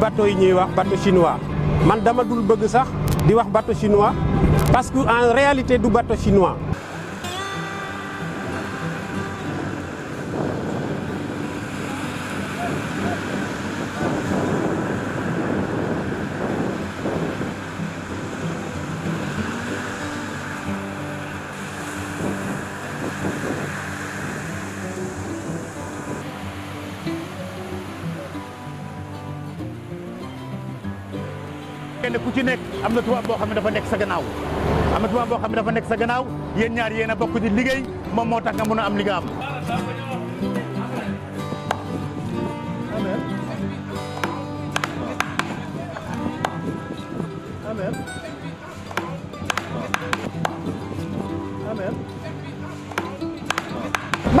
bateau yi ñuy wax bateau chinois man dama dul bëgg sax di wax bateau chinois parce que en réalité du bateau chinois ne ku ci nekk am na tubaab boo xam ne dafa nekk sa gannaaw am na boo xam ne dafa nekk sa gannaaw yéen ñaar yéen a bokk ci liggéey moom moo tax nga mën a am li nga am. Amen.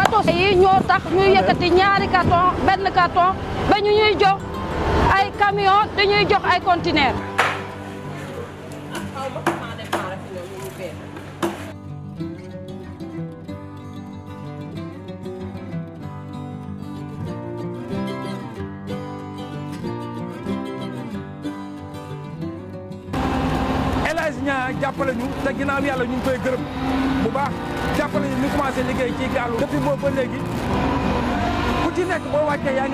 Amen. ñoo tax ñuy yëkkati ñaari carton benn carton ba ñu ñuy jox ay camion dañuy jox ay conteneur ah jàppale ñu te ginnaaw yàlla ñu ngi koy liggéey ci gaalu ba léegi ku ci nekk boo wàccee yaa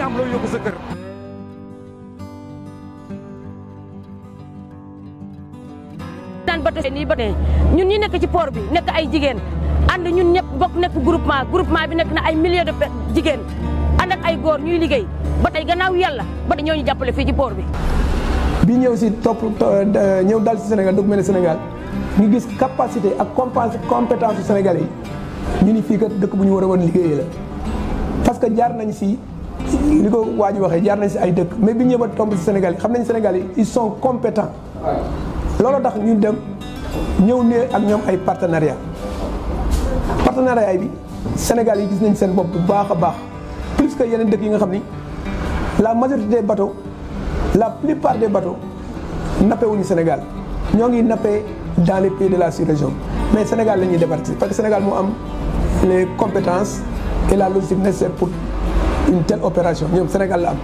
ngi ñun ñi nekk ci port bi nekk ay jigéen ànd ñun ñëpp bokk nekk groupement groupement bi nekk na ay milliers de jigéen ànd ak ay góor ñuy liggéey ba tey gannaaw yàlla ba tey ñoo ñu jàppale fii ci port bi. bi ñëw si topp euh, ñëw dal si Sénégal doog mel ne Sénégal ñu gis capacité ak compétence su Sénégalais yi ñu ni fii kat dëkk bu ñu war a woon liggéeyee la parce que jaar nañ si li ko waa ji waxee jaar nañ si ay dëkk mais bi ñëw ba tomb si Sénégal xam nañ Sénégal yi ils sont compétents loolu tax dem ñëw ne ak ñoom ay partenariat partenariat bi Sénégal yi gis nañ seen bopp bu baax a baax plus que yeneen dëkk yi nga xam ni la majorité des bateaux la plupart des bato nappe wuñu Sénégal ñoo ngi nappee dans les pays de la sous-région mais Sénégal la ñuy départir parce que Sénégal moo am les compétences et la logistique nécessaire pour une telle opération ñoom Sénégal la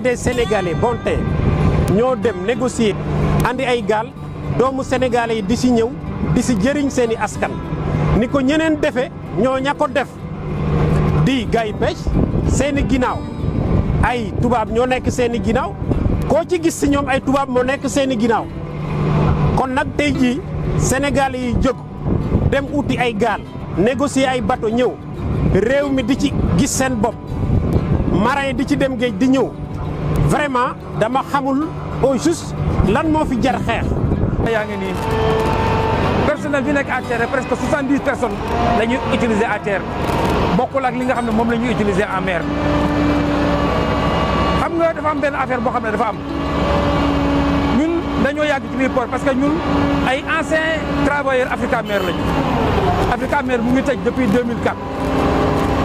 des Sénégalais bon tey ñoo dem négocier andi ay gaal. doomu sénégalais yi di ci ñëw di si jëriñ seen i askan ni ko ñeneen defe ñoo ña ko def di gay pêche seen i ginnaaw ay tubaab ñoo nekk seen i ginnaaw koo ci gis ci ñoom ay tubaab moo nekk seen i ginnaaw kon nag tey jii sénégalais yi jóg dem uti ay gaal négocier ay bateau ñëw réew mi di ci gis seen bopp marin di ci dem géej di ñëw vraiment dama xamul au lan moo fi jar xeex yaa ngi nii personnel bi nekk à terre presque soixante dix personnes la ñuy utiliser à terre bokkul li nga xam ne moom la ñuy utiliser en xam nga dafa am benn affaire boo xam ne dafa am ñun dañoo yàgg ci biir port parce que ñun ay anciens travailleurs Africa Mer lañu Africa Mer mu ngi tëj depuis 2004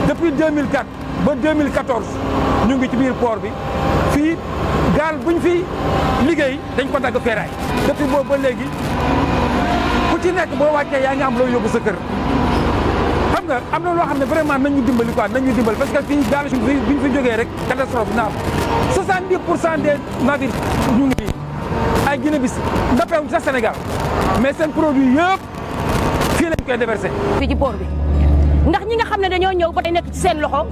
depuis 2004 ba 2014 ñu ngi ci biir port bi. fii gaal buñ fi liggéey dañ ko dagg ferraille depuis boobu ba léegi ku ci nekk boo wàccee yaa ngi am loo yóbbu sa kër xam nga am na loo xam ne vraiment nañ ñu dimbali quoi nañ ñu dimbali parce que fii gaal buñ fi jógee rek catastrophe na am 70 pour cent des navires ñu ngi ay Guinée bis ndapewuñ sa senegal mais seen produit yëpp fii lañ koy déversé fii ci port bi ndax ñi nga xam ne dañoo ñëw ba tey nekk ci seen loxo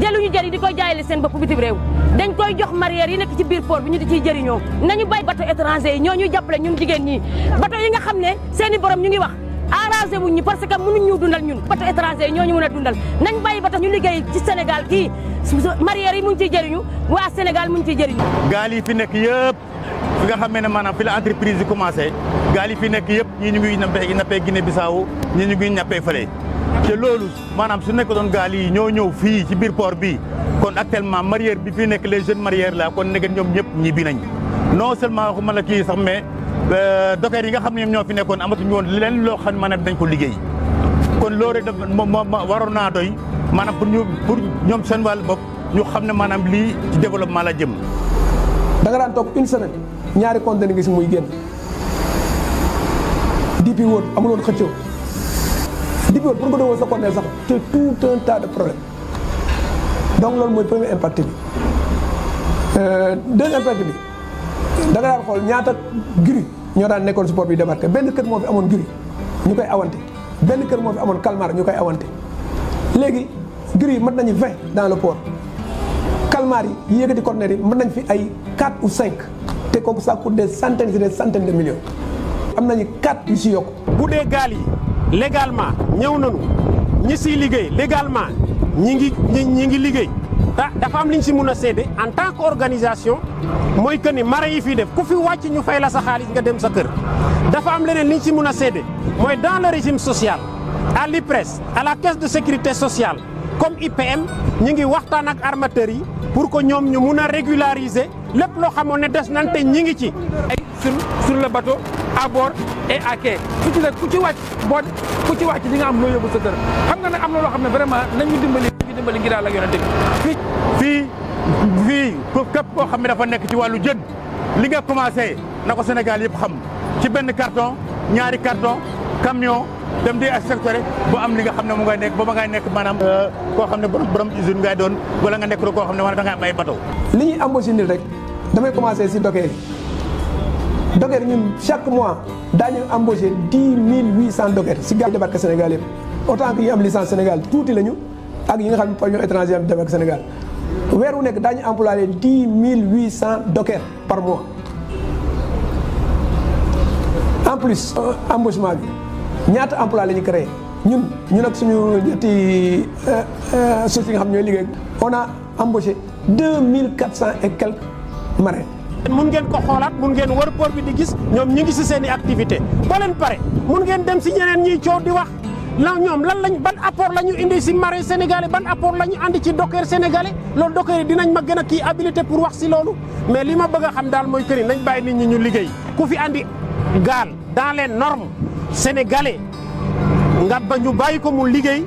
jëluñu jëri di koy jaayale seen bopp bitim réew dañ koy jox mareyeur yi nekk ci biir port bi ñu di ciy jëriñoo nañu bàyyi bateau étranger yi ñoo ñuy jàppale ñun jigéen ñi bateau yi nga xam ne seen ngi wax arrangé wuñ ñu parce que mënuñ ñu dundal ñun bateau étranger yi ñoo ñu mën a dundal nañ bàyyi bateau ñu liggéey ci Sénégal kii mareyeur waa Sénégal mu ngi ciy jëriñu gaal yi fi nekk yëpp fi xam ne maanaam fi la entreprise yi commencé gaal yi fi nekk yëpp ñii ñu ngi nappee Guinée ñu ngi nappee fële te loolu maanaam su nekk doon gaal yi ñoo ñëw fii ci biir port bi kon actuellement mareyeur bi fii nekk les jeunes mareyeurs la kon nekk ñoom ñëpp ñibbi nañ non seulement waxuma la kii sax mais euh, docker yi nga xam ne ñoom ñoo fi nekkoon amatuñu woon leen loo xam ne maanaam dañ ko liggéey kon loolu daf moom waroon naa doy maanaam pour ñu pour ñoom seen wàll bopp ñu xam ne maanaam lii ci développement la jëm. da nga daan toog une semaine ñaari conteneur gis muy génn DP World amul woon li bi pour nga doon sa compteur sax te tout un tas de problèmes donc loolu mooy premier impact bi euh, deuxième impact bi da nga xool ñaata giri ñoo daan nekkoon si poor bi débarqué benn kër moo fi amoon giri ñu koy awante benn kër moo fi amoon calmar ñu koy awante léegi giri yi mat nañu 20 dans le port calmar yi yéegati corner yi mën nañ fi ay 4 ou cinq te kooku ça de des centaines et des de millions am nañu 4 yu si yokk légalement ñëw nañu ñi siy liggéey légalement ñi ngi ñi ngi liggéey dafa am li ñu si mun a seede en tant qu'organisation mooy que ni marin yi fii def ku fi wàcc ñu fay la sa xaalis nga dem sa kër dafa am leneen li ñu si mun a seede mooy dans le régime social à l'IPRES à la caisse de sécurité sociale comme IPM ñi ngi waxtaan ak armateurs yi pour que ñoom ñu mun a régulariser lépp loo xamoon ne des nañ ñi ngi ci sur sur le bateau à bord et su ci la ku ci wàcc boo ku ci wàcc di nga am loo yóbbu sa xam nga ne am na loo xam ne vraiment nañu dimbali nañu dimbali ngir Yàlla ak Yonent bi fii fii képp koo xam ne dafa nekk ci wàllu jën li nga commencé na ko Sénégal yëpp xam ci benn carton ñaari carton camion dem di secteur bu am li nga xam ne mu ngay nekk ba ngay nekk maanaam euh, koo xam ne borom borom ngay doon wala nga nekk koo xam ne wala da nga am ay bateau. li ñuy embauché nii rek damay commencé si dockers yi docker ñun chaque mois daañu embauché dix mille huit cent docker si gars yi débarqué Sénégal yëpp autant que yi am licence Sénégal tuuti lañu ak yi nga xam ne pavillon étranger am débarqué Sénégal weer wu nekk daañu employé dix mille huit cent docker par mois en plus euh, embauchement bi ñaata emploi la ñu créé ñun ñu ak suñu ñetti euh, euh, société yi nga xam ñooy liggéey on a embauché deux mille quatre cent et quelques mun ngeen ko xoolaat mun ngeen wër port bi di gis ñoom ñi ngi si seen i activité boo leen pare mun ngeen dem si ñeneen ñiy coow di wax lan ñoom lan lañ ban apport la ñu indi si marin sénégalais ban apport la ñu andi ci docker sénégalais loolu docker yi dinañ ma gën a kii habilité pour wax si loolu mais li ma bëgg a xam daal mooy këriñ nañ bàyyi nit ñi ñu liggéey ku fi andi gaal dans les normes sénégalais nga ba ñu bàyyi ko mu liggéey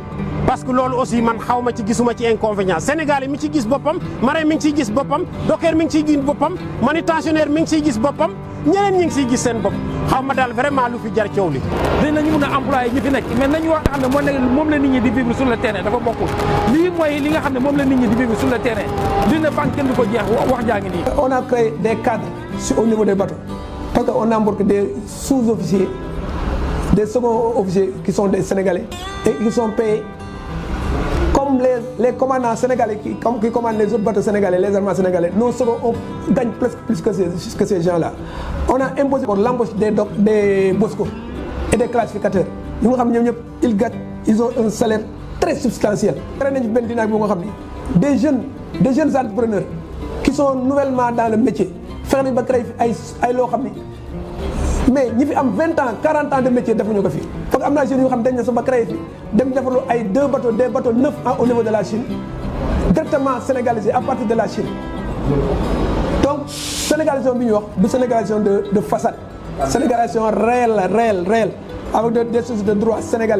parce que loolu aussi man xaw ma ci gisuma ci inconvénient Sénégal yi mi ci gis boppam marin mi ngi gis boppam docker mi ngi gis boppam manutentionnaire mi ngi gis boppam ñeneen ñi ngi ciy gis seen bopp xaw ma daal vraiment lu li a employé ñi fi nekk mais nañu wax nga xam ne moo nekk moom la nit ñi di vivre sur le terrain dafa bokkul lii mooy li nga xam ne moom la nit ñi di vivre sur le terrain dina banque kenn du ko jeex wax jaa ngi nii on a créé des cadres au niveau des bateaux parce que on embarque des sous-officiers des seconds officiers qui sont des comme les, les commandants sénégalais qui, comme, qui commandent les autres bateaux sénégalais, les armements sénégalais, nous serons, on gagne presque plus que ces, que ces gens-là. On a imposé pour l'embauche des, des boscos et des classificateurs. Ils, gagnent, ils ont un salaire très substantiel. Des jeunes, des jeunes entrepreneurs qui sont nouvellement dans le métier, faire des mais ñi fi am vingt ans 40 ans de métier defuñu ko fi foog am naa jeunes yoo xam dañ ne sama créé fi dem defarlu ay deux bateaux des bateaux neuf au niveau de la Chine directement sénégalisé à partir de la Chine donc sénégalisation bi ñu wax du sénégalisation de de façade sénégalisation réelle réelle réelle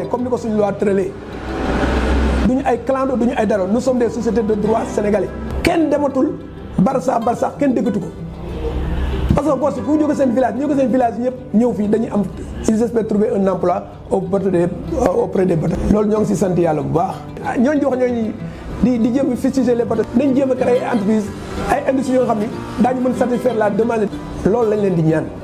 comme ni ko suñu loi tëralee duñu ay clando duñu ay daro nous sommes des sociétés de droit sénégalais kenn dematul bar barça sax kenn déggatu ko. parce que Corse ku jóge seen village ñu jóge seen village ñëpp ñëw fii dañuy am ils espèrent trouver un emploi auprès des auprès des bateaux loolu ñoo ngi si sant yàlla bu baax ah, ñooñu di wax ñooñu di di jéem a fustiger les bateaux nañ jéem entreprise ay industries yoo xam ni daañu mën satisfaire la demande loolu lañ leen di ñaan